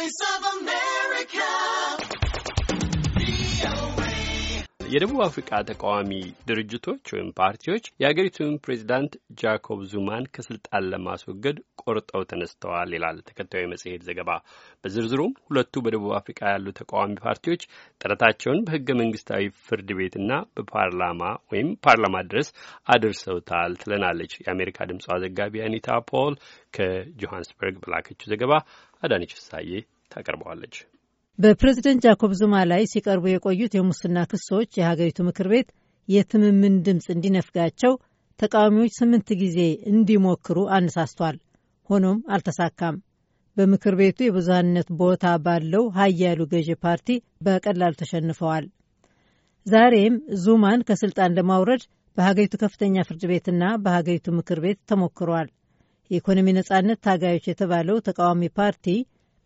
voice of የደቡብ አፍሪቃ ተቃዋሚ ድርጅቶች ወይም ፓርቲዎች የአገሪቱን ፕሬዚዳንት ጃኮብ ዙማን ከስልጣን ለማስወገድ ቆርጠው ተነስተዋል ይላል ተከታዩ መጽሔት ዘገባ። በዝርዝሩም ሁለቱ በደቡብ አፍሪቃ ያሉ ተቃዋሚ ፓርቲዎች ጥረታቸውን በህገ መንግስታዊ ፍርድ ቤትና በፓርላማ ወይም ፓርላማ ድረስ አድርሰውታል ትለናለች የአሜሪካ ድምፅ ዘጋቢ አኒታ ፖል ከጆሃንስበርግ በላከችው ዘገባ። አዳነች ሳዬ ታቀርበዋለች። በፕሬዝደንት ጃኮብ ዙማ ላይ ሲቀርቡ የቆዩት የሙስና ክሶች የሀገሪቱ ምክር ቤት የትምምን ድምፅ እንዲነፍጋቸው ተቃዋሚዎች ስምንት ጊዜ እንዲሞክሩ አነሳስቷል። ሆኖም አልተሳካም። በምክር ቤቱ የብዙሃንነት ቦታ ባለው ሀያሉ ገዢ ፓርቲ በቀላሉ ተሸንፈዋል። ዛሬም ዙማን ከስልጣን ለማውረድ በሀገሪቱ ከፍተኛ ፍርድ ቤትና በሀገሪቱ ምክር ቤት ተሞክሯል። የኢኮኖሚ ነጻነት ታጋዮች የተባለው ተቃዋሚ ፓርቲ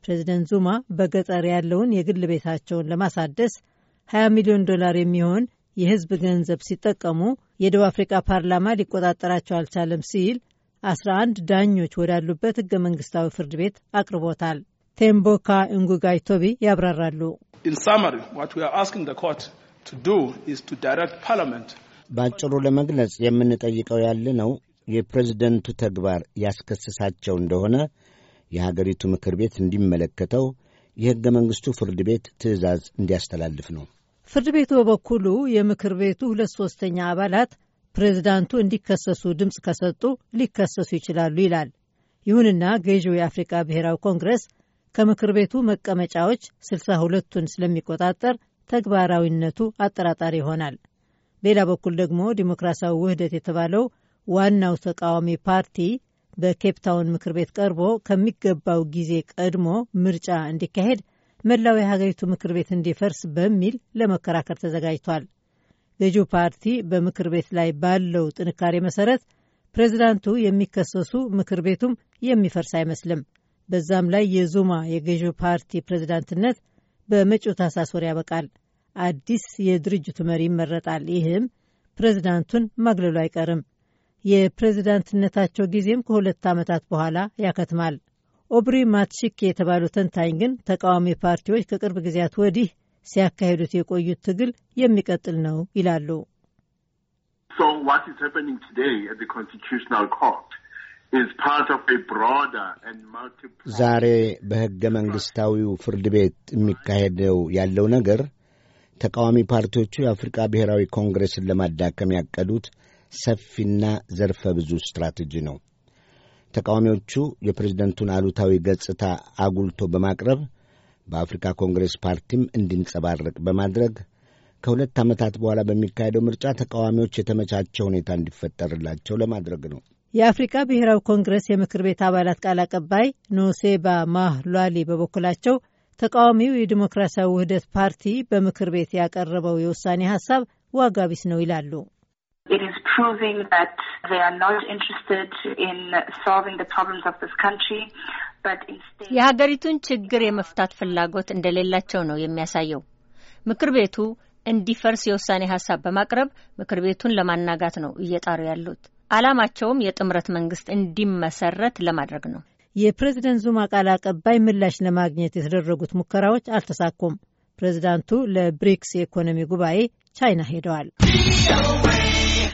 ፕሬዚደንት ዙማ በገጠር ያለውን የግል ቤታቸውን ለማሳደስ 20 ሚሊዮን ዶላር የሚሆን የህዝብ ገንዘብ ሲጠቀሙ የደቡብ አፍሪካ ፓርላማ ሊቆጣጠራቸው አልቻለም ሲል 11 ዳኞች ወዳሉበት ህገ መንግስታዊ ፍርድ ቤት አቅርቦታል። ቴምቦካ እንጉጋይ ቶቢ ያብራራሉ። በአጭሩ ለመግለጽ የምንጠይቀው ያለ ነው የፕሬዝደንቱ ተግባር ያስከስሳቸው እንደሆነ የሀገሪቱ ምክር ቤት እንዲመለከተው የሕገ መንግሥቱ ፍርድ ቤት ትዕዛዝ እንዲያስተላልፍ ነው። ፍርድ ቤቱ በበኩሉ የምክር ቤቱ ሁለት ሶስተኛ አባላት ፕሬዚዳንቱ እንዲከሰሱ ድምፅ ከሰጡ ሊከሰሱ ይችላሉ ይላል። ይሁንና ገዢው የአፍሪካ ብሔራዊ ኮንግረስ ከምክር ቤቱ መቀመጫዎች ስልሳ ሁለቱን ስለሚቆጣጠር ተግባራዊነቱ አጠራጣሪ ይሆናል። በሌላ በኩል ደግሞ ዲሞክራሲያዊ ውህደት የተባለው ዋናው ተቃዋሚ ፓርቲ በኬፕታውን ምክር ቤት ቀርቦ ከሚገባው ጊዜ ቀድሞ ምርጫ እንዲካሄድ መላው የሀገሪቱ ምክር ቤት እንዲፈርስ በሚል ለመከራከር ተዘጋጅቷል። ገዢው ፓርቲ በምክር ቤት ላይ ባለው ጥንካሬ መሰረት ፕሬዚዳንቱ የሚከሰሱ ምክር ቤቱም የሚፈርስ አይመስልም። በዛም ላይ የዙማ የገዢው ፓርቲ ፕሬዚዳንትነት በመጪው ታህሳስ ወር ያበቃል። አዲስ የድርጅቱ መሪ ይመረጣል። ይህም ፕሬዚዳንቱን ማግለሉ አይቀርም። የፕሬዝዳንትነታቸው ጊዜም ከሁለት ዓመታት በኋላ ያከትማል። ኦብሪ ማትሺክ የተባሉ ተንታኝ ግን ተቃዋሚ ፓርቲዎች ከቅርብ ጊዜያት ወዲህ ሲያካሂዱት የቆዩት ትግል የሚቀጥል ነው ይላሉ። ዛሬ በሕገ መንግሥታዊው ፍርድ ቤት የሚካሄደው ያለው ነገር ተቃዋሚ ፓርቲዎቹ የአፍሪቃ ብሔራዊ ኮንግሬስን ለማዳከም ያቀዱት ሰፊና ዘርፈ ብዙ ስትራቴጂ ነው። ተቃዋሚዎቹ የፕሬዝደንቱን አሉታዊ ገጽታ አጉልቶ በማቅረብ በአፍሪካ ኮንግሬስ ፓርቲም እንዲንጸባረቅ በማድረግ ከሁለት ዓመታት በኋላ በሚካሄደው ምርጫ ተቃዋሚዎች የተመቻቸ ሁኔታ እንዲፈጠርላቸው ለማድረግ ነው። የአፍሪካ ብሔራዊ ኮንግረስ የምክር ቤት አባላት ቃል አቀባይ ኖሴባ ማህሏሊ በበኩላቸው ተቃዋሚው የዲሞክራሲያዊ ውህደት ፓርቲ በምክር ቤት ያቀረበው የውሳኔ ሀሳብ ዋጋቢስ ነው ይላሉ። It is proving that they are not interested in solving the problems of this country. የሀገሪቱን ችግር የመፍታት ፍላጎት እንደሌላቸው ነው የሚያሳየው። ምክር ቤቱ እንዲፈርስ የውሳኔ ሀሳብ በማቅረብ ምክር ቤቱን ለማናጋት ነው እየጣሩ ያሉት። ዓላማቸውም የጥምረት መንግስት እንዲመሰረት ለማድረግ ነው። የፕሬዝደንት ዙማ ቃል አቀባይ ምላሽ ለማግኘት የተደረጉት ሙከራዎች አልተሳኩም። ፕሬዚዳንቱ ለብሪክስ የኢኮኖሚ ጉባኤ ቻይና ሄደዋል።